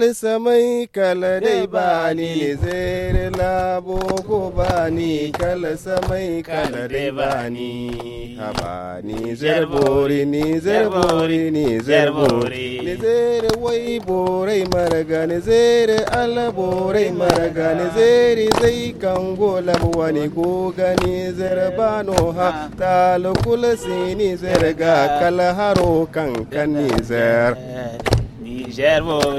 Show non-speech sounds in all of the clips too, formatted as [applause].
jalsa kala dai bani zere labo ko bani kala samai kala dai bani haba ni zer bori ni zer bori ni zer bori ni zere wai borai maraga ni zere ala borai maraga ni zere zai kango labuwa ni ko gani zer bano ha talukula sini zer ga kala haro kankan ni zer Bonsoir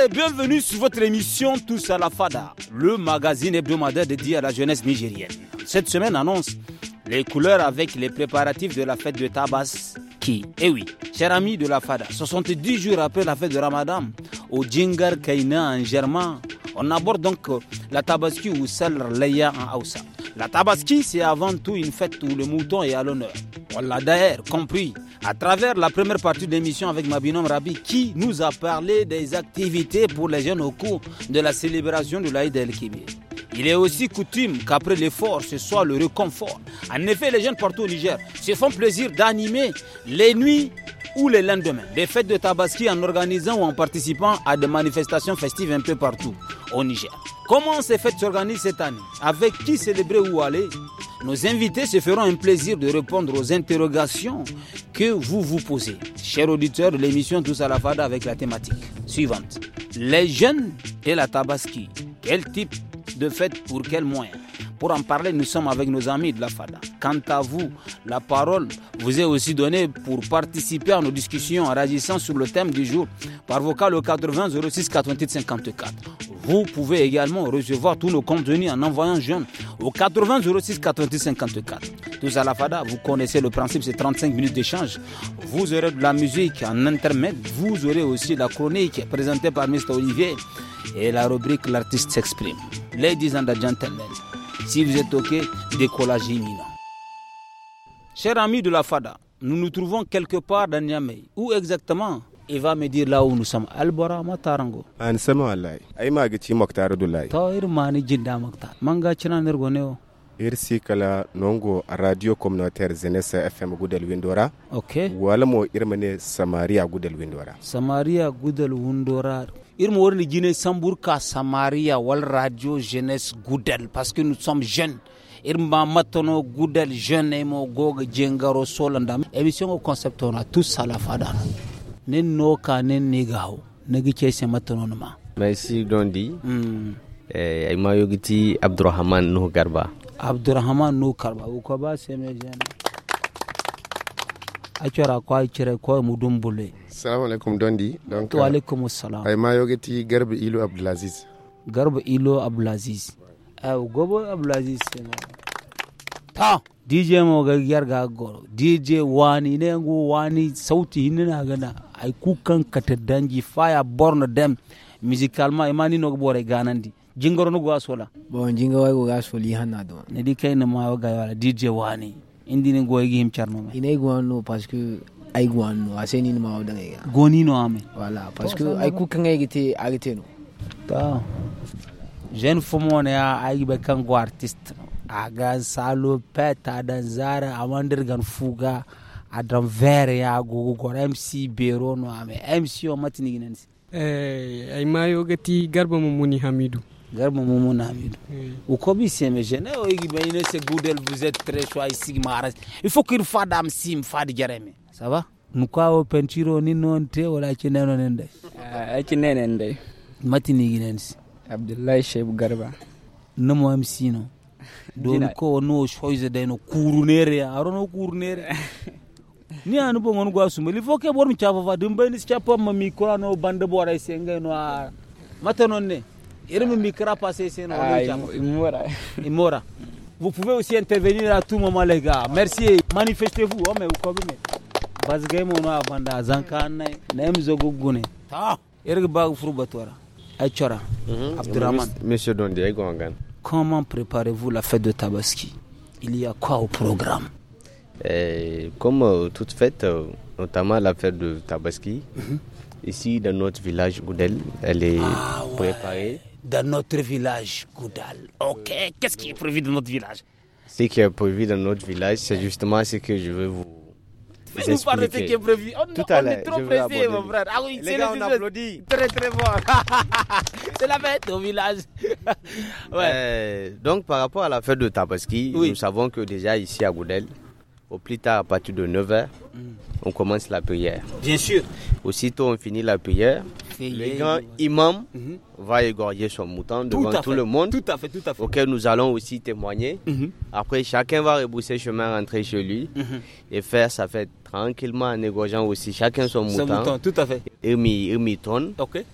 et bienvenue sur votre émission Tous à la Fada, le magazine hebdomadaire dédié à la jeunesse nigérienne. Cette semaine annonce les couleurs avec les préparatifs de la fête de Tabaski. eh oui, chers amis de la Fada, 70 jours après la fête de Ramadan, au Djingar Kaina en Germain, on aborde donc la Tabaski ou Sal Leia en Hausa. La Tabaski, c'est avant tout une fête où le mouton est à l'honneur. On l'a d'ailleurs compris à travers la première partie de l'émission avec Mabinom Rabi qui nous a parlé des activités pour les jeunes au cours de la célébration de l'Aïd el-Kibir. Il est aussi coutume qu'après l'effort, ce soit le réconfort. En effet, les jeunes partout au Niger se font plaisir d'animer les nuits ou le lendemain, des fêtes de Tabaski en organisant ou en participant à des manifestations festives un peu partout au Niger. Comment ces fêtes s'organisent cette année Avec qui célébrer ou aller Nos invités se feront un plaisir de répondre aux interrogations que vous vous posez. Chers auditeurs de l'émission Tous à la Fada avec la thématique suivante. Les jeunes et la Tabaski. Quel type de fait, pour quel moyen Pour en parler, nous sommes avec nos amis de la FADA. Quant à vous, la parole vous est aussi donnée pour participer à nos discussions en réagissant sur le thème du jour par vocal au 80 06 88 54. Vous pouvez également recevoir tous nos contenus en envoyant jeune au 80 06 88 54. Tous à la FADA, vous connaissez le principe, c'est 35 minutes d'échange. Vous aurez de la musique en intermède, vous aurez aussi la chronique présentée par Mr. Olivier et la rubrique L'artiste s'exprime. Ladies and gentlemen, si vous êtes OK, décollage imminent. Chers amis de la FADA, nous nous trouvons quelque part dans Niamey. Où exactement il va me dire là où nous sommes. Albora Matarango. An sama wallahi. Ay ma gaci Maktar Abdullahi. jinda makta. Manga cina nergoneo ne irsi kala nongo radio communautaire Zenes fm gudel windora ok wala mo irmane samaria gudel windora samaria gudel windora irin wani gine samburka samaria wal radio jeunesse gudel parce que nous sommes jeunes irma matono gudel jeune emo mo goga jengaro solanda émission o concept on a tous ça la fada nen no ka nen ni nagi cese matono ma merci dondi mm. eh ay ma yogiti abdourahman no garba abdourahman garba bah, seme jeune a cora ko a cire ko mu dum bulle assalamu alaikum dondi donc wa alaikum assalam ay eh, ma yogeti garba ilo abdulaziz garba ilo abdulaziz ay eh, gobo abdulaziz ta dj mo ga yar ga go dj wani ne ngu wani sauti hinna gana ay kukan kata danji faya borno dem musicalement imani no bore ganandi jingoro no go asola bon jinga way go asoli hanna do ne dikai na ma ga wala dj wani indini goygi him carnoma inay gwanno parce que ay a aseni ni mawo daga ya goni no ame voilà parce que ay ku kan ay gite agite no ta jeune fomo ne ya ay be kan go artiste aga salo peta da zara amandir gan fuga adam vere ya go go mc bero no ame mc o matini ginansi eh ay mayo gati garba mumuni hamidu mu mumuna hamidu uko bisemeje nayo igibanyine se gudel vous êtes très choix ici maras il faut qu'il fade am sim fade jareme ça va o pentiro ni non te wala cineno nen day a ah, cinene nen day matini ginen si abdullahi shebu garba namo am sino don ko no choise de no kurunere aro no kurunere [laughs] ni anu bo ngon gwa sumeli fo ke bor mi chafa fa dum bayni chafa ma mi ko no bande bora sengai no matanon ne Il Il Il Vous pouvez aussi intervenir à tout moment, les gars. Merci. Manifestez-vous. Oh, mais vous comprenez. Bazgay mono abanda zankane hein. nem zogo gune. Ta. Erg bag furubatora. Aichora. Mhm. Abdurrahman. Monsieur Dondé Comment préparez-vous la fête de Tabaski Il y a quoi au programme Et eh, Comme euh, toute fête, euh, notamment la fête de Tabaski, mhm. ici dans notre village Goudel, elle est ah préparée dans notre village, Goudal. Ok, qu'est-ce qui est prévu dans notre village Ce qui est prévu dans notre village, c'est justement ce que je veux vous. Fais-nous de ce qui est prévu. On, est trop pressé, mon frère. Ah oui, on [laughs] c'est la fête au village. [laughs] Euh, donc, par rapport à la fête de Tabaski, nous savons que déjà ici à Goudel, au plus tard, à partir de 9h, mm. on commence la prière. Bien sûr. Aussitôt on finit la prière, les Le grand imam va égorger son mouton devant tout le monde. Tout à fait, tout à fait. Auquel nous allons aussi témoigner. Mhm. Après, chacun va rebousser chemin, rentrer chez lui mhm. et faire sa fête tranquillement en égorgeant aussi chacun son, son mouton. Tout à fait. Et mi, et mi Ok.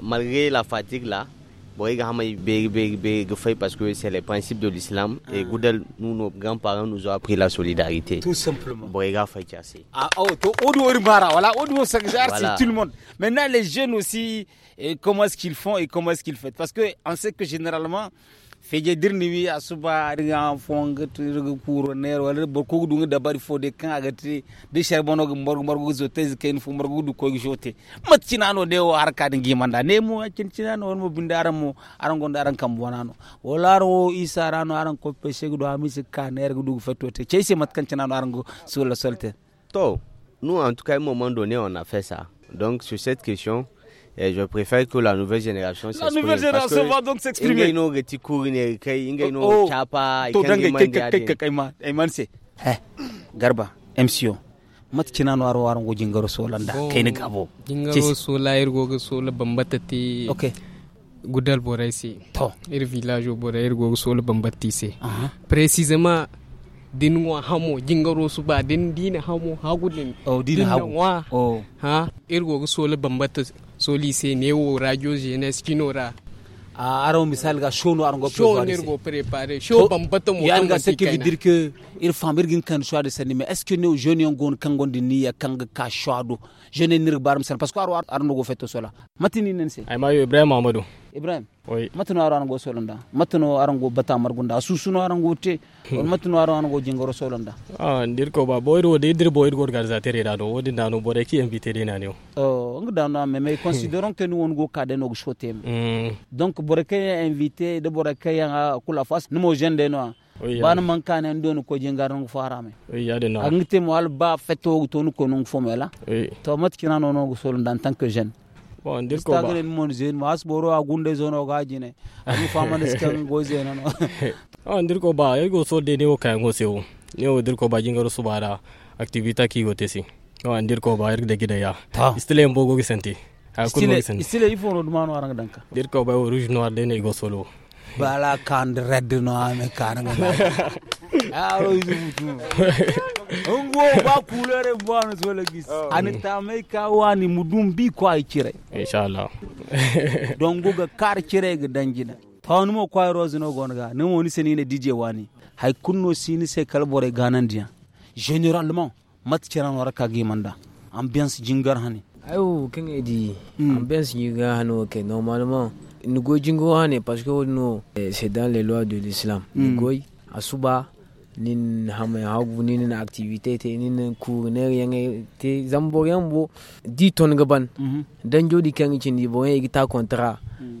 Malgré la fatigue là, parce que c'est les principes de l'islam. Et ah. Goudel, nous, nos grands-parents nous ont appris la solidarité. Tout simplement. Ah, oh, tout le monde. Maintenant, les jeunes aussi, et comment est-ce qu'ils font et comment est-ce qu'ils font Parce qu'on sait que généralement, feje dirni wi a suba riga fonga tirga kuro ner wala bo kugu du da bari fo de kan agati de sherbono go morgo morgo zo tez ken fu morgo du ko jote matina no de o harka de gimanda ne mo cincina no mo bindara mo aran gonda aran kam bonano wala ro isara no aran ko pese go do amisi ka ner go du feto te chese mat kan cinano aran go sur la solte to nous en tout cas à un moment donné on a fait ça donc sur cette question et eh, je préfère que la nouvelle génération s'exprime. La nouvelle génération va donc s'exprimer. oh ma se. Eh, garba MCO mat no jingaro solanda oh, gabo. Jingaro sola irgo go sola bambatati. Okay. Gudal borai se. To. Ir village borai irgo go sola bambati se. Précisément din hamo jingaro din dina hamo hagudin oh dina hamo oh. ha irgo go sola soli se eh, newo oh, radio jeunesse kinora ah, a aron misal ga shono aron go préparer shono go préparer show bambato mo yanga ce qui veut dire que il e famir gin kan choix de sani mais est-ce que nous jeunes on gon kan gon dini ya kan ka choix do jeune nir bar misal parce que aron aron go feto cela matini nense ay mayo ibrahim amadou ibrahim oui matino arango solonda arango bata margunda susuno arango te hmm. matino un jingoro solonda ah ndir ko ba un dir gor garza tere da do nanu invité de oh ngi na mais hmm. considérons que nous on go kade no hmm. donc bore ke invité de bore ke ya kula fas numo jende no bana man en don ko un farame mo alba feto to ko no tant que jeune bon ndir ko ba stagre mon zen was boro a gunde zono ga jine ami famane skan goze nan on ndir ko ba yego so de ne o kan go sewo ne o ndir ko ba jingaro subara activita ki gote si on ndir ko ba yir de gida ya istile mbogo gisenti ha ko gisenti istile ifo no dumano aranga danka ndir ko ba o rouge noir de ne go solo bala kan red no ame kan aro izutu ngo ba kulere bwana zole gis oh. me ka wani mudum bi ko ay cire inshallah [laughs] don guga kar cire ga danjina ton mo ko rozi no gonga ne mo ni seni ne dj wani hay kunno sini se kalbore ganandiya généralement mat no wara ka manda ambiance jingar hani ayo kin edi hmm. ambiance jingar hano ke normalement gojingo, Hane, parce que nous, eh, c'est dans les lois de l'islam. Ngoy, mm. Asuba, nin hame hagu nin activité te nin cours ne rien eh, te zambo rien bo 10 gaban. Mm Danjo di kangi bo e eh, gita contrat. Hmm.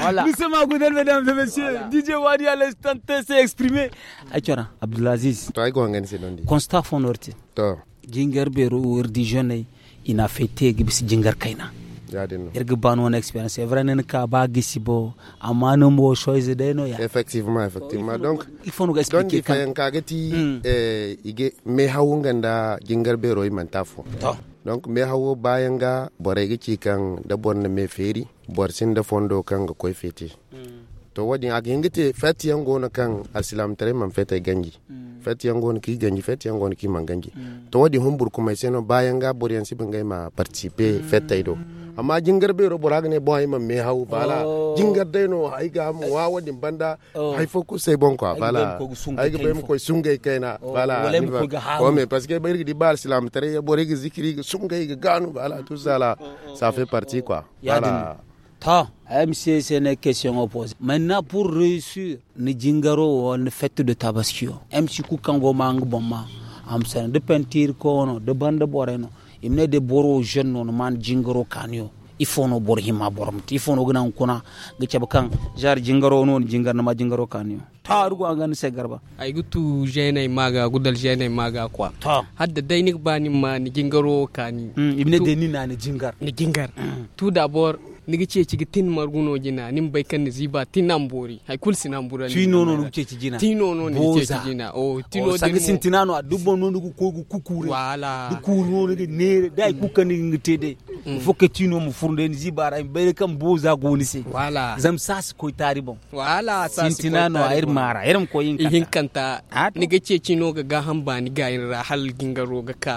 voilà. Nous sommes à Goudel, mesdames et messieurs. Voilà. DJ Wadi à l'instant T s'est exprimé. Aïtchara, Abdelaziz. Constat Fonorti. Jingar Beru, Urdi Jeune, il n'a fait que Gibis Jingar Kaina. irga ban wani experience evra nen ka ba gisi bo amma no mo choice de no ya effectivement effectivement donc il faut nous expliquer donc il faut en kagati eh ige me hawunga nda jingar bero imantafo to donc me hawo bayan ga borai gici kan da bonne me feri bor sin da fondo kan ga koy fete to wadin a gingite fete yango na kan asilam tare man fete ganji fete yango ki ganji fete yango ki man ganji to wadi humbur kuma sai no bayan ga boryan sibin gaima participer fete ido mm. amma jingar be ro boraga ne boy man me haw bala oh. jingar dai no ai ga mu wa wadi banda oh. ai fo ko sai bon ko bala ai ga bem ko sungai kaina bala ko me parce que bayri di bal islam tare ya borigi zikiri sungai ga ganu bala tout ça là ça fait partie quoi voilà ta eh, MC c'est une question opposée maintenant pour réussir ni jingaro on fête de tabaskio MC ku kango mang bomma am sen de peinture ko no de bande boreno imne de boro jeune non man jingaro kanyo ifono bor hima bormt ifono gna kuna ga chab kan jar jingoro non jingar ma jingaro kanyo taru rugo an se garba ay gutu jene maga gudal jene maga kwa ta hadda dai bani ma ni jingaro kani hmm, imne de ni na ni jingar ni jingar tout hmm. tu d'abord nigi ce ci tin marguno jina nim bai kan ziba tin nambori hay kul sinambura ni tino no nuke ci jina tino no ni ce ci jina o oh, tino oh, de sin sintinano a dubbo no nugu ko gu kukure wala du ku no ne ne dai mm. kukan ni ngite de mm. fokke tino mu furnde ni ziba ra bai kan boza goni se wala zam sas ko taribon wala sas sintinano a ir mara irin ko yin kanta yin kanta nigi ce ci no ga ga hamba ni ga yin ra hal gingaro ga ka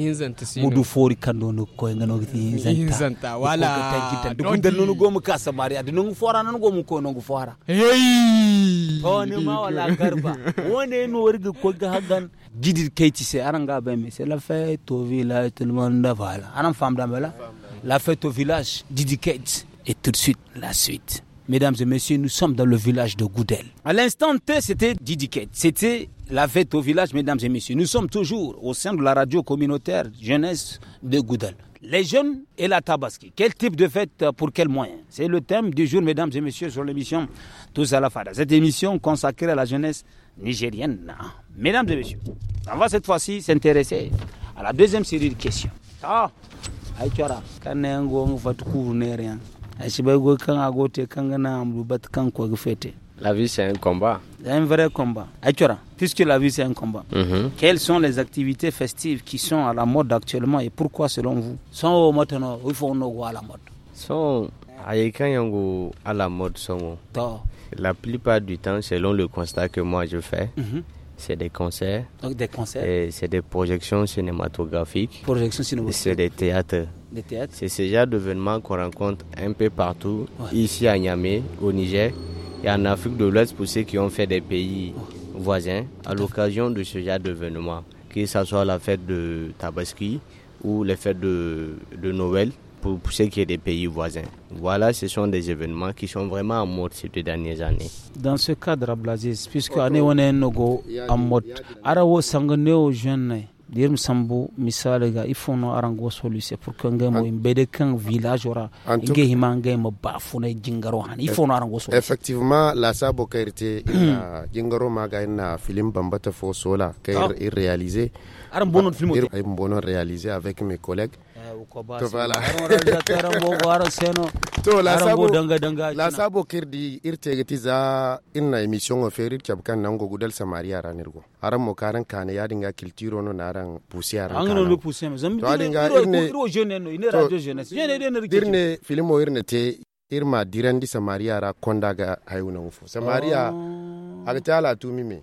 hinzanta sino mudu fori kando no ko ngano giti hinzanta wala ko tanki tan nunu gomu kasa mari adu nungu fora nan gomu ko nungu fora hey to ma wala garba wone no warga ko ga hagan jidir keyti se aranga be me c'est la fête au village tout le monde voilà anan fam dambela la fête au village jidir keyti et tout de suite la suite Mesdames et messieurs, nous sommes dans le village de Goudel. À l'instant T, c'était Didiquette. C'était la fête au village, mesdames et messieurs. Nous sommes toujours au sein de la radio communautaire jeunesse de Goudel. Les jeunes et la tabaski. Quel type de fête euh, pour quel moyen C'est le thème du jour, mesdames et messieurs, sur l'émission Tous à la Fada. Cette émission consacrée à la jeunesse nigérienne. Mesdames et messieurs, on va cette fois-ci s'intéresser à la deuxième série de questions. Ah, la vie, c'est un combat. C'est un vrai combat. Puisque la vie, c'est un combat. Mhm. Quelles sont les activités festives qui sont à la mode actuellement et pourquoi, selon vous Sont il à la mode. Sont à la mode. La plupart du temps, selon le constat que moi je fais, mhm. c'est des concerts. Donc des concerts. C'est des projections cinématographiques. Projections cinématographiques. C'est des théâtres. C'est ce genre d'événements qu'on rencontre un peu partout, ici à Niamey, au Niger et en Afrique de l'Ouest pour ceux qui ont fait des pays voisins à l'occasion de ce genre d'événements, que ce soit la fête de Tabaski ou les fêtes de, Noël pour, ceux qui sont des pays voisins. Voilà, ce sont des événements qui sont vraiment en mode ces deux dernières années. Dans ce cadre, Ablaziz, puisque année on est en mode, Arawo Sangoneo jeune dir mi sambu misali ga ifono aran go pour que ngemo imbede kan village ora nge hima ngemo ba funa jingaro han ifono aran go effectivement la sabo kairte ina [clears throat] jingaro maga ina film bambata fo sola kair oh. irréalisé un ah, bon réalisé avec mes collègues eh, to voilà [laughs] to la sabo la sabo kirdi irtegeti za inna émission o ferir kabkan nango gudal samari aranirgo aran mo karan kane ya dinga culture no naran pusi aran an no pusi ma zam dinga irne iro jeune no ine radio jeunesse jeune de dirne film o irne te irma dirandi samari ara kondaga hayuna ufo samari oh. aga tala tumi me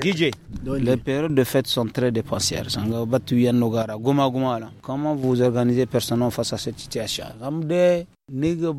DJ. Les périodes de fête sont très dépensières. Comment vous organisez personnellement face à cette situation Ramde,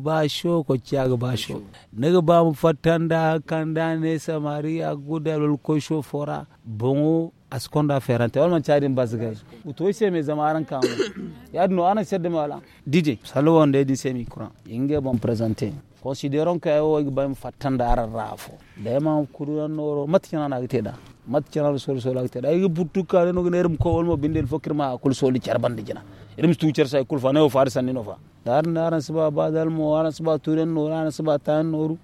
ba shoko ciaga basho. shoko ba fatanda kanda ne samaria gudalol ko shofora bongo askonda ferante walma caadin basgay utoy seme zama aran kamu [coughs] yadno ana sedde wala DJ salo wonde di semi courant inge bon présenté considérons que o bam fatanda ara rafo Dema ma kuranoro matina na da. Mat matchana sol sol akte ay buttu kare no gnerum ko mo bindel fokir ma kul soli charbandi jina erim stu cher sai kul fane o farisan ni no fa dar naran sba dal mo aran sba turen no aran sba tan noru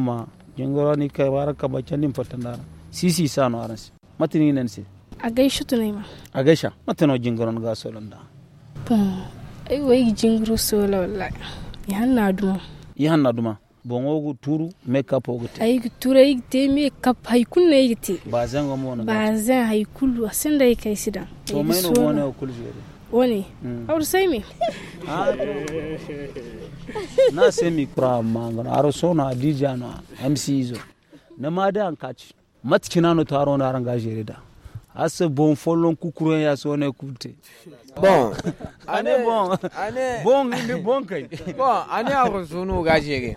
ma jingoro ni ka baraka bachanim fatandara sisi sano aran matini nen si Agay sha. agaisha no jingoro ga solonda pum ay way jingoro solo wallahi yahanna duma yahanna duma bongogu turu mm. me kap ah, ogte ay turu ay te me kap hay kul ne yiti bazan go mona bazan hay kul asen da kay sida to me no mona kul jere wani aur say me na say mi kura manga aro sona adija na mc zo na ma da an kaci matkina no taro na ranga jere da Assez bon, folon koukourou ya son écoute. [laughs] Bon, année bon, année bon, année bon, année à ressources gagées.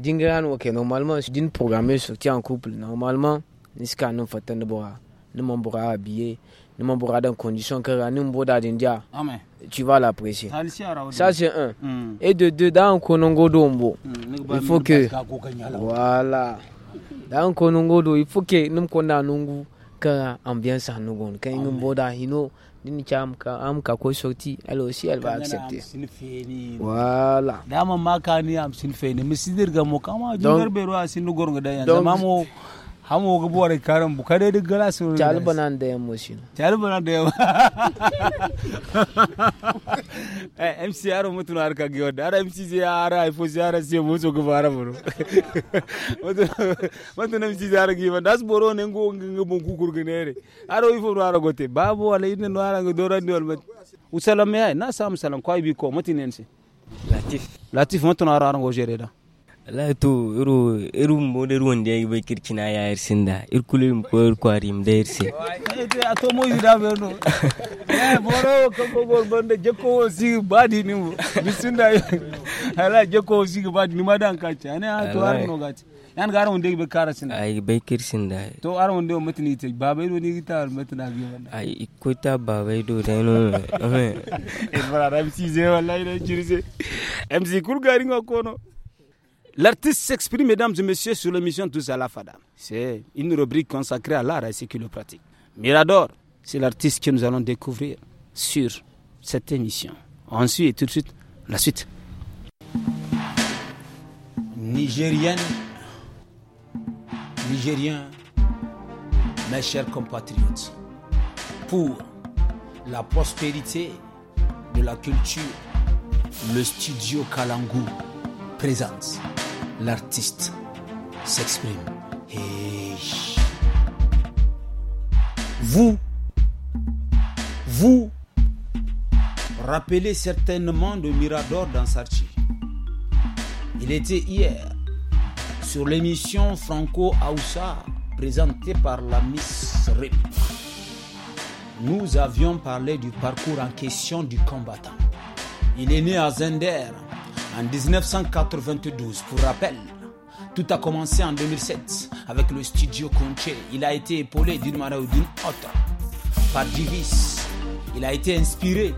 dingiran wo ke normalement din programme sur ti en couple normalement niska no fatan nous boa ne mon boa habillé ne mon boa dans condition que ne mon d'india amen tu vas l'apprécier ça c'est un et de deux dans konongo dombo il faut que voilà dans konongo do il faut que nous kona nungu ka ambiance nugon nous ngum boda hino nini cha amka amka ko sauti elle si elle va accepter voilà dama makani am sin feni misidir gamo kama jingar beru asin gornga dayan yan mamo Hamu mo gabu wari karan bu kare duk gala sun rubuta banan da yamma shi tali banan da yamma eh mc yaro mutu na harka giwa da mc zai ara ifo zai ara sai mu so gaba ara buru mutu na mc zai ara giwa das boro ne ngo ngo bon kukur gnere aro ifo no ara gote babu wala idne no ara ngo dora ni wal usalam ya na sam salam ko bi ko mutinense latif latif mutu na ara ngo jere da wallahi to iro iru mode ruwan da bai kirkina ya yarsin da irkule ko irkwari da yarsin eh to a to mo yida berno eh moro ko ko gol bande jekko si badi ni mu bisinda hala jekko si badi ni madan ka ci ne a to arno ga ci yan garan wanda bai kara sin ai bai kirsin da to aran wanda mutuni ta babai do ni ta mutuna bi wannan ai ko ta babai do da no eh bara ramsi je wallahi da kirse mc kul garin ko no L'artiste s'exprime, mesdames et messieurs, sur l'émission Tous à la Fada. C'est une rubrique consacrée à l'art et ce qui le Mirador, c'est l'artiste que nous allons découvrir sur cette émission. Ensuite, tout de suite, la suite. Nigérienne, Nigérien, mes chers compatriotes, pour la prospérité de la culture, le studio Kalangu présence. L'artiste s'exprime. Vous, vous rappelez certainement de Mirador dans Sarchi. Il était hier sur l'émission Franco Aoussa présentée par la Miss RIP. Nous avions parlé du parcours en question du combattant. Il est né à Zender en 1992, pour rappel. Tout a commencé en 2007 avec le studio Conche. Il a été épaulé d'une manière ou d'une autre par Divis. Il a été inspiré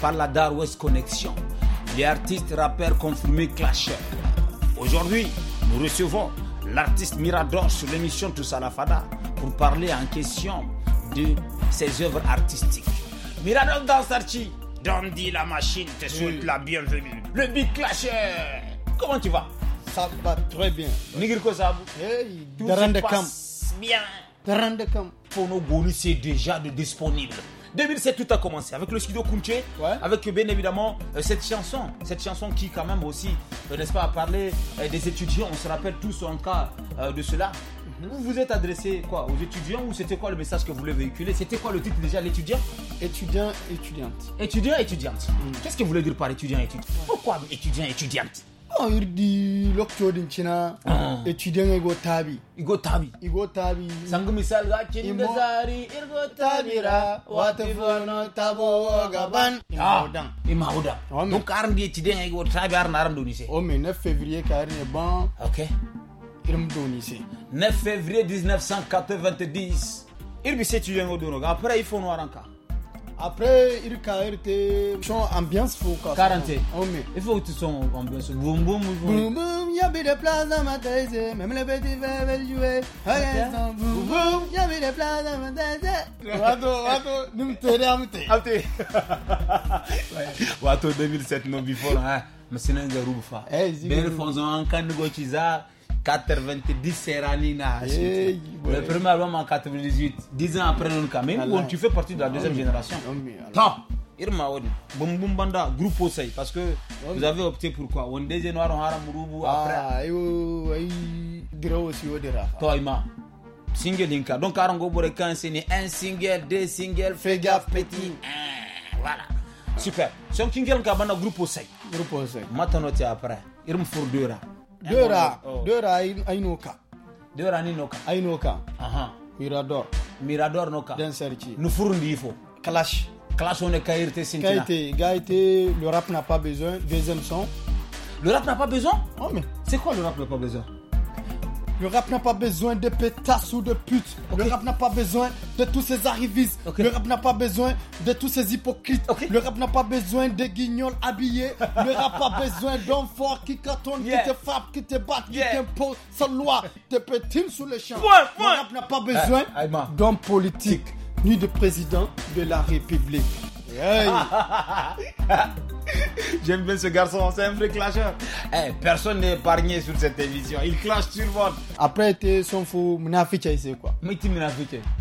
par la Dar West Connection, les artistes rappeurs confirmés Clasher. Aujourd'hui, nous recevons l'artiste Mirador sur l'émission Tout à pour parler en question de ses œuvres artistiques. Mirador Sarchi Dandy la machine te souhaite la bienvenue. Le Big Clasher. Comment tu vas Ça va très bien. Nigel Kozabu. Hey, tout se passe camp. bien. Pour Pono c'est déjà de disponible. 2007, tout a commencé avec le studio Kunche, avec bien évidemment euh, cette chanson, cette chanson qui quand même aussi, euh, n'est-ce pas, a parlé euh, des étudiants. On se rappelle tous en cas de cela vous vous êtes adressé quoi aux étudiants ou c'était quoi le message que vous voulez véhiculer C'était quoi le titre déjà L'étudiant Étudiant, étudiante. Étudiant, étudiante. Mm. Qu'est-ce que vous voulez dire par étudiant, étudiante Pourquoi étudiant, étudiante on oh, dit, lokcodin d'inchina. etudiant ah. igo tabi igo tabi igo tabi sangu misal ga zari tabira wata fono tabo gaban ah, imaudan imaudan donc arndi étudiant ego tabi arna arndo ni mais 9 février ka arne ban ok 9 février 1990 irbi se tu yengo duno après il faut noir après il carité son ambiance faut quoi 40 il faut que tu en ambiance boum boum boum boum y a des places dans ma tête même les petits veulent jouer boum boum y a des places dans ma tête wato wato nous me ramte amte ah, [laughs] wato 2007 non before hein mais c'est un gars roufa eh, ben faisons un canne gochiza 90 Serrani yeah, Le premier album en 98, 10 ans après Nunca. Mais bon, tu fais partie de la deuxième ah génération. Ah Tant Irma Odi, Bum Banda, groupe Osei, parce que vous avez opté pour quoi On deuxième noir, on haram Rubu ah, après. Ah, yo, aussi, Odera. Toi, Irma Single Inca. Donc, Arango Borekan, c'est un single, deux singles, fais gaffe, petit. Voilà. Super. Si on single, qui a un groupe Osei. Groupe Osei. Maintenant, tu après. Irma Fourdura. Deux oh. deux Ainoka. Aïnoka. Ainoka. Ainoka. Aha. Mirador. Mirador Noka. Den nous Nufurundi Ifo. Clash. Clash on est Kairte Sintina. Kairte, Gaïté, le rap n'a pas besoin. Deuxième son. Le rap n'a pas besoin Oh mais. C'est quoi le rap n'a pas besoin le rap n'a pas besoin de pétasses ou de putes. Le rap n'a pas besoin de tous ces arrivistes. Le rap n'a pas besoin de tous ces hypocrites. Le rap n'a pas besoin de guignols habillés. Le rap n'a pas besoin d'hommes forts qui cartonnent, qui te frappent, qui te battent, qui t'imposent sa loi, te pétine sous les champs. Le rap n'a pas besoin eh, d'hommes politiques ni de président de la République. [laughs] J'aime bien ce garçon, c'est un vrai clasheur. Eh, personne n'est épargné sur cette émission. Il clash sur votre. Après, t'es son fou, munafike ici quoi. Mais tu Donc,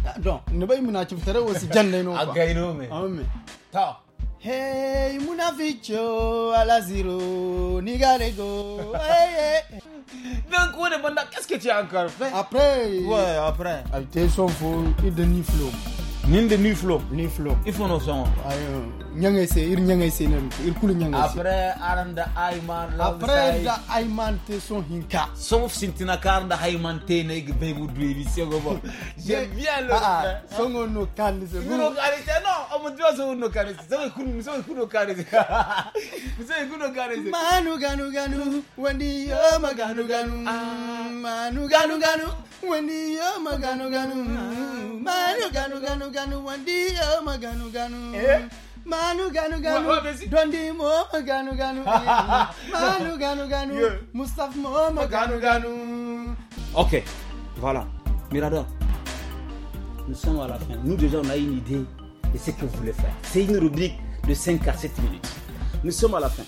ah, Non, ne pas munafike, c'est aussi jannaino. Againo ah, mais. Ah mais. Ta. Hey, munaficho oh, alaziro nigalego. Hey, hey. Donc, on qu'est-ce que tu as encore fait Après. Ouais, après. Ah, t'es son fou, il niflo ninde ni flo flo ifono son ay nyangay se ir nyangay après aranda ayman la après da ayman te son hinka sauf sintina karda ayman te ne be bu dwiri bien le ah, ah, hein. songo no no eh, non on me dit oh, songo no kan se songo kulu songo kulu [laughs] manu ganu ganu wandi yo maganu ganu ah. manu ganu ganu Wendia uh, maganu ganu Manu ganu ganu ganu Wendia Dondi mo ganu Manu ganu ganu Mustaf mo maganu ganu Ok, voilà. Mirador, nous sommes à la fin. Nous déjà on a une idée de ce que vous voulez faire. C'est une rubrique de 5 à 7 minutes. Nous sommes à la fin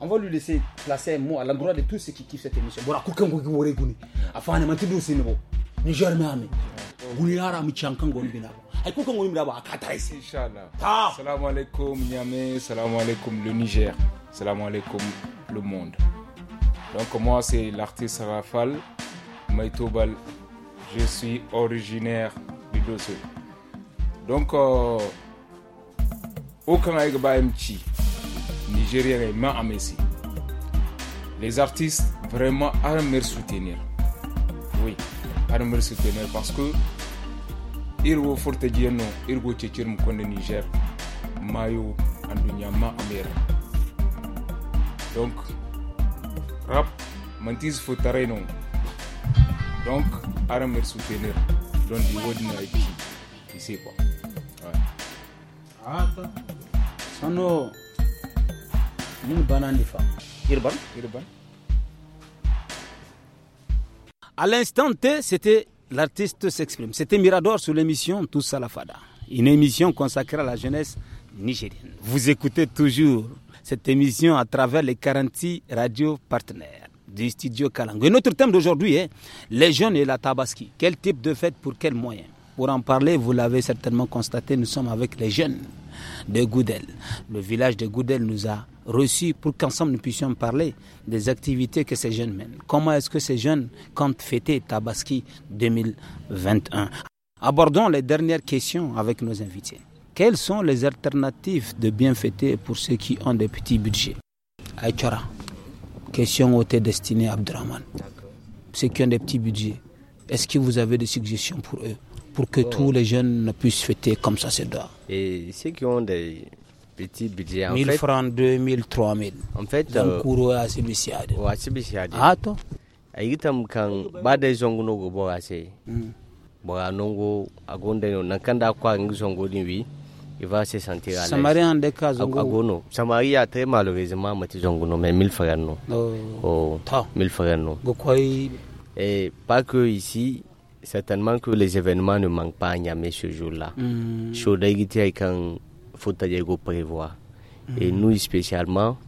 on va lui laisser placer un mot à l'endroit de tous ceux qui kiffent cette émission. Bora kukango giwore guni. Afane mantidu sinbo. Niger mami. Guni ara mi chankango ni binabo. Ay kukango ni binabo akata isi. Inshallah. Ah. Salam alaikum Niamé, salam alaikum le Niger, salam alaikum le monde. Donc moi c'est l'artiste Rafal Maïtobal. Je suis originaire du Dosso. Donc euh, aucun aïgba mchi nigérien est main à Messi. Les artistes, vraiment, à me soutenir. Oui, à me soutenir parce que non, il jeno te cecir mu konde niger mayo andunya ma donc rap mantis fo non donc à me soutenir don di wodi na ki ise quoi ouais. ata sano irban irban à l'instant T c'était l'artiste s'exprime c'était Mirador sur l'émission Tous à la Fada une émission consacrée à la jeunesse nigérienne vous écoutez toujours cette émission à travers les 46 radios partenaires du studio Kalango. Et notre thème d'aujourd'hui est les jeunes et la tabaski. Quel type de fête pour quels moyens Pour en parler, vous l'avez certainement constaté, nous sommes avec les jeunes de Goudel. Le village de Goudel nous a reçus pour qu'ensemble nous puissions parler des activités que ces jeunes mènent. Comment est-ce que ces jeunes comptent fêter Tabaski 2021 Abordons les dernières questions avec nos invités. Quelles sont les alternatives de bien fêter pour ceux qui ont des petits budgets Aïchara, question au destinée à Ceux qui ont des petits budgets, est-ce que vous avez des suggestions pour eux pour que tous les jeunes puissent fêter comme ça c'est doit. Et ceux qui ont des petits budgets, en 1000 francs, 2000, 3000. En fait, à à euh, Ah, toi. kan ba hmm. go bo ase. Bo no nankanda kwa wi. il va se sentir à en des Agono. a très malheureusement mati mais mille non. Oh. Mille frères non. Oh. Oh, Et pas que ici certainement que les événements ne manquent pas à Niamé ce jour-là. Hmm. est quand faut prévoir. Hmm. Et nous, spécialement,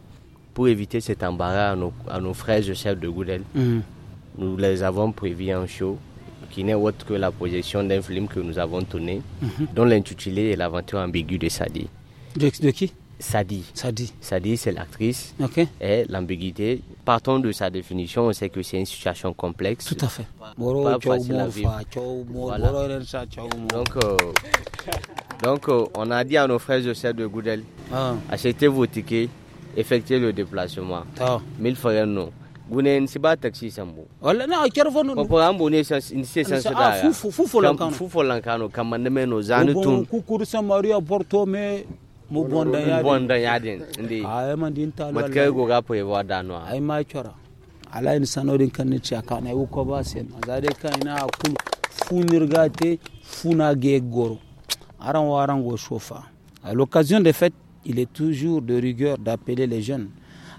pour éviter cet embarras à nos, frères et de Goudel, hmm. nous les avons prévus en show qui n'est autre que la projection d'un film que nous avons tourné, dont l'intitulé est l'aventure ambiguë de Sadi. de qui Sadi. Sadi. Sadi, c'est l'actrice. Et l'ambiguïté, partons de sa définition, on sait que c'est une situation complexe. Tout à fait. Donc, euh, euh, on a dit à nos frères de de Goudel, ah. achetez vos tickets, effectuez le déplacement. 1000 ah. Mille frères, non. vous n'êtes taxi sambo bon mu bonda yadi bonda yadi ndi ay man din talu mat kay go gapo e wada no ay ma chora ala in sanorin kan ni chaka na u ko ba sen zade kan na akul funirgate funa ge goro aran waran go sofa à l'occasion des fêtes il est toujours de rigueur d'appeler les jeunes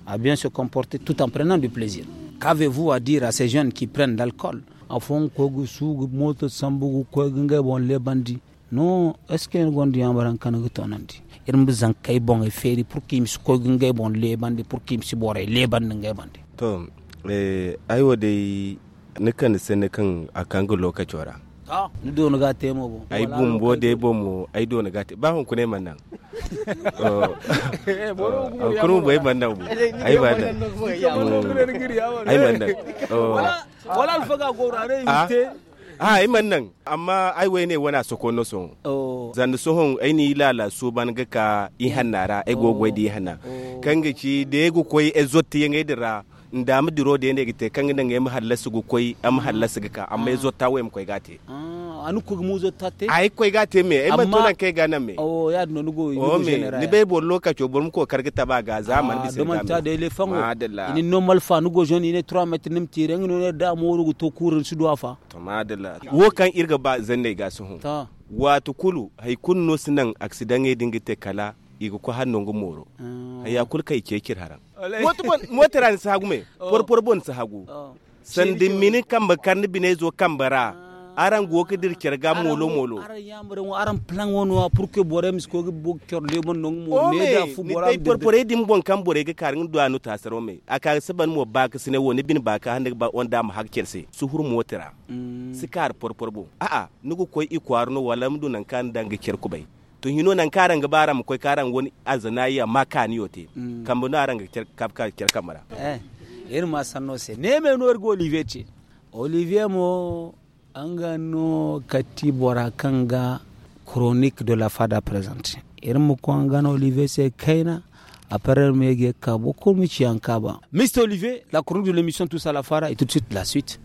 à bien se comporter tout en prenant du plaisir qu'avez-vous à dire à ces jeunes qui prennent l'alcool afon kogu sugu moto sambugu kogu ngai bon le bandi non est ce que gondi ambaran kanagu tonandi irin zan kai bon e feri pour kim su ko ngay bon lebande pour kim si bore e lebande ngay bande to eh ay dai nukan sene kan akan kan lokaci wara to ni do no gate mo bo ay bum bo de bo mo ay do no gate ba hon kune man nan [laughs] eh bo kunu bo man nan bo [laughs] ay ba nan ay man nan mm. [laughs] wala wala alfaga go rare ah. yite a i man nan amma ai wai ne wana soko no so oh zan so lala su ban ga ka ai gogoi di hana oh. kan ga ci da ya gukwai koi yin ndami diro de ne gite kan ngi ngem halasu gu a mu halasu ga ka amma zo ta wayem koy gate ah, anu ko mu zo ta te ai koy gate me ai ma tunan kai gana me o oh, ya yi nugu oh, nugo general ni bolo bo lokaci bolo ko kargita ba ga man bi ah, ga. ma ta de le fango ni normal fa nugo joni ne 3 meter nim tire ngi ne da mu rugu to kurin su do fa to la. wo kan irga ba zanne ga su hu wato kulu hay kunno sinan accident dingi dingite kala igu ko hanno ngo moro ah. ya kul kai ke kir haran motbon motaran sa hagume porpor bon sa hagu sandi mini kamba karni bine zo kambara ah. aran go ke dir molo molo aran yamre mo aran plan wono pour que bore mis ko bo le bon non mo ne da fu bora mi porpor edim bon kam bore ga karin do anu sero me aka ban mo ba ka sine woni bin ba ka hande ba onda ma hakker se suhur motara mm. sikar porpor bo a ah, a nugo koy ikwarno wala mdu nan kan ku kirkubai to hino nan karan ga bara karan wani azanayi a azanaya makani yote mm. n'a kambuna aranga kyar kamara eh irin ma sanno se ne me no ergo olivier ce olivier mo an no kati bora ga chronique de la fada présente irin mu ko an no olivier se kaina parer me ge ka bu ko mi ci an ka ba mr olivier la chronique de l'émission tout ça la fara et tout de suite la suite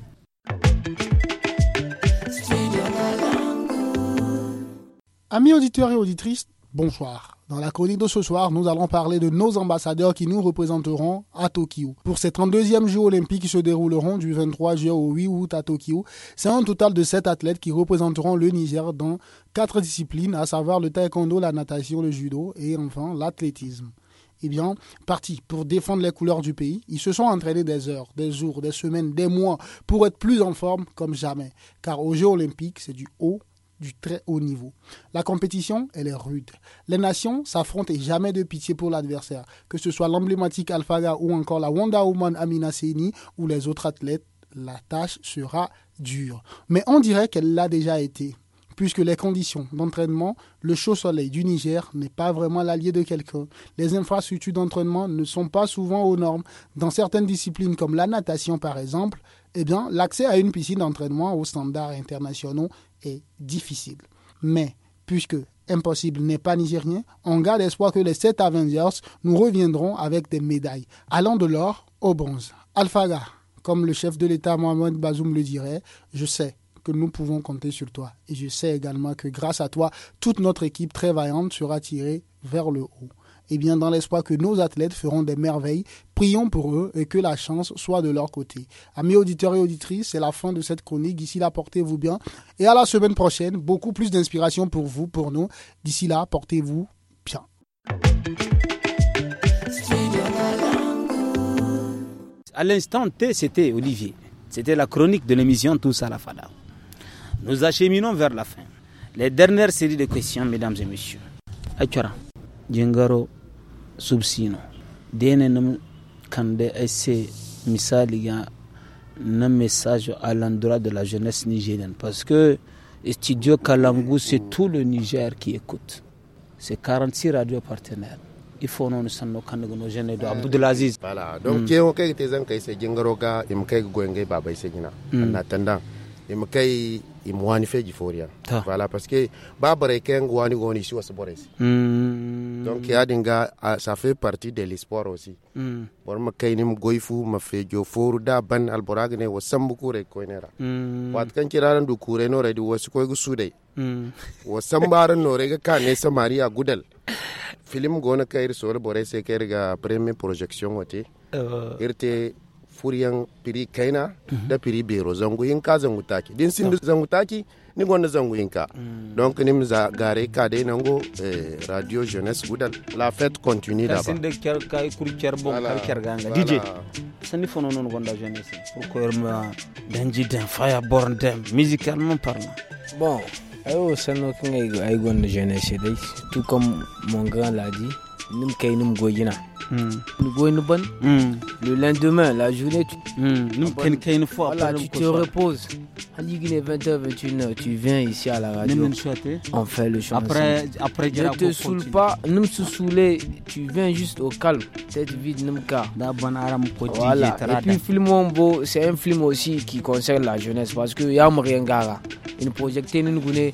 Amis auditeurs et auditrices, bonsoir. Dans la chronique de ce soir, nous allons parler de nos ambassadeurs qui nous représenteront à Tokyo. Pour ces 32e Jeux olympiques qui se dérouleront du 23 juin au 8 août à Tokyo, c'est un total de 7 athlètes qui représenteront le Niger dans 4 disciplines, à savoir le taekwondo, la natation, le judo et enfin l'athlétisme eh bien, partis pour défendre les couleurs du pays. Ils se sont entraînés des heures, des jours, des semaines, des mois pour être plus en forme comme jamais. Car aux Jeux Olympiques, c'est du haut du très haut niveau. La compétition, elle est rude. Les nations s'affrontent et jamais de pitié pour l'adversaire, que ce soit l'emblématique Alphaga ou encore la Wonder Woman Amina Seni ou les autres athlètes, la tâche sera dure. Mais on dirait qu'elle l'a déjà été, puisque les conditions d'entraînement, le chaud soleil du Niger n'est pas vraiment l'allié de quelqu'un. Les infrastructures d'entraînement ne sont pas souvent aux normes. Dans certaines disciplines comme la natation par exemple, eh bien, l'accès à une piscine d'entraînement aux standards internationaux est difficile. Mais puisque impossible n'est pas nigérien, on garde espoir que les 7 Avengers nous reviendront avec des médailles, allant de l'or au bronze. Alphaga, comme le chef de l'État Mohamed Bazoum le dirait, je sais que nous pouvons compter sur toi. Et je sais également que grâce à toi, toute notre équipe très vaillante sera tirée vers le haut. Eh bien, dans l'espoir que nos athlètes feront des merveilles. Prions pour eux et que la chance soit de leur côté. Amis auditeurs et auditrices, c'est la fin de cette chronique. D'ici là, portez-vous bien. Et à la semaine prochaine, beaucoup plus d'inspiration pour vous, pour nous. D'ici là, portez-vous bien. À l'instant T, c'était Olivier. C'était la chronique de l'émission Tous à la Fada. Nous acheminons vers la fin. Les dernières séries de questions, mesdames et messieurs. Achara, Djengaro, subsino dene nam kande ese misali ya na message à l'endroit de la jeunesse nigérienne parce que Studio Kalangu c'est tout le Niger qui écoute c'est 46 radios partenaires il faut non sanno kan go jene do Abdoulaziz voilà donc ke o kay te zan kay se jingaro ga im kay go ngey baba se mm. en attendant im kay im voilà parce que ba ken wani goni si wasu mm. donc ya dinga ah, ça fait partie de l'espoir aussi mm. ma kayni goifu ma fejo foru da ban alboragne wa wasam bu ko nera wat kan kiraran du kure no redi wasu ko gusude mm. wa rega kane Maria Gudel film gona kair sore bore se premier projection wati uh. furiyan piri kaina mhm. da piri bero zangu yin ka zangu taki din sindu zangu taki ni gonda zangu yin ka mm. donc ni mza gare ka dai nango eh, radio jeunesse gudal la fête continue da ba sin de ker kay kur ker bon kar ker ganga dj sani fono non gonda jeunesse pour ko ma danji den fire born dem musicalement parlant bon ayo sanno kin ay gonda jeunesse dai tout comme mon grand l'a dit Nous nous Nous Le lendemain, la journée, tu, hmm. nous voilà, tu te reposes. À 20h, 21h, tu viens ici à la radio. On fait le chanson. Après, après ne te saoule pas, Nous me saouler, tu viens juste au calme. Cette vie de Numka. Voilà. Et puis, film bo c'est un film aussi qui concerne la jeunesse parce que Yamriengara, une projectée, une gounée.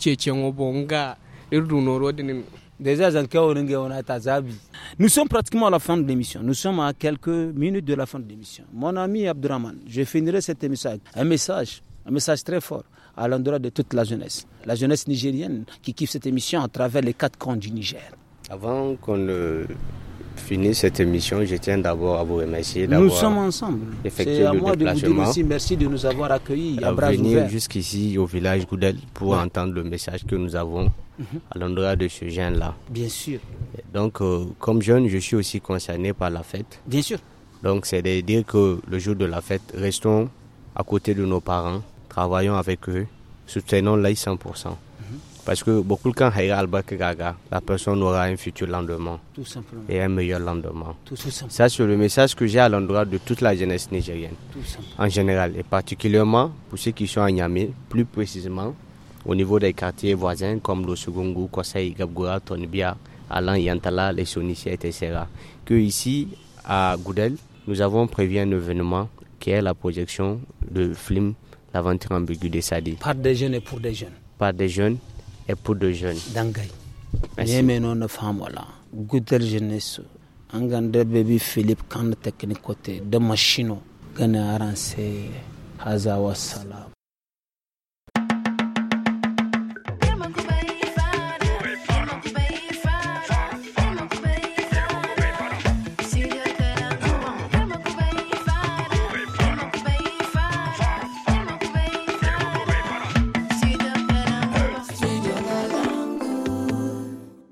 nous sommes pratiquement à la fin de l'émission. Nous sommes à quelques minutes de la fin de l'émission. Mon ami Abdurrahman, je finirai cet émission. Un message, un message très fort à l'endroit de toute la jeunesse. La jeunesse nigérienne qui kiffe cette émission à travers les quatre camps du Niger. Avant qu'on ne finir cette émission, je tiens d'abord à vous remercier d'avoir. Nous sommes ensemble. C'est à moi de vous dire aussi merci de nous avoir accueillis à, venir jusqu'ici au village Goudel pour entendre le message que nous avons mhm. à l'endroit de ce jeune-là. Bien sûr. donc, euh, comme jeune, je suis aussi concerné par la fête. Bien sûr. Donc, c'est de dire que le jour de la fête, restons à côté de nos parents, travaillons avec eux, soutenons l'AI 100%. Parce que beaucoup, quand Gaga, la personne aura un futur lendemain. Et un meilleur lendemain. Tout, Ça, c'est le message que j'ai à l'endroit de toute la jeunesse nigérienne. en général. Et particulièrement pour ceux qui sont à Niamey, plus précisément au niveau des quartiers voisins comme Losugungu, Kosei, Gabgoura, Tonibia, Alain, Yantala, Les etc. Que ici, à Goudel, nous avons prévu un événement qui est la projection de film L'aventure ambiguë des Sadi. Par des jeunes et pour des jeunes. Par des jeunes et pour de jeunes. Dangay. Yemenon Famola, Goudel Jeunesse, Angander Baby Philippe quand Kand côté de Machino, Gana Aranse, Hazawa Salam.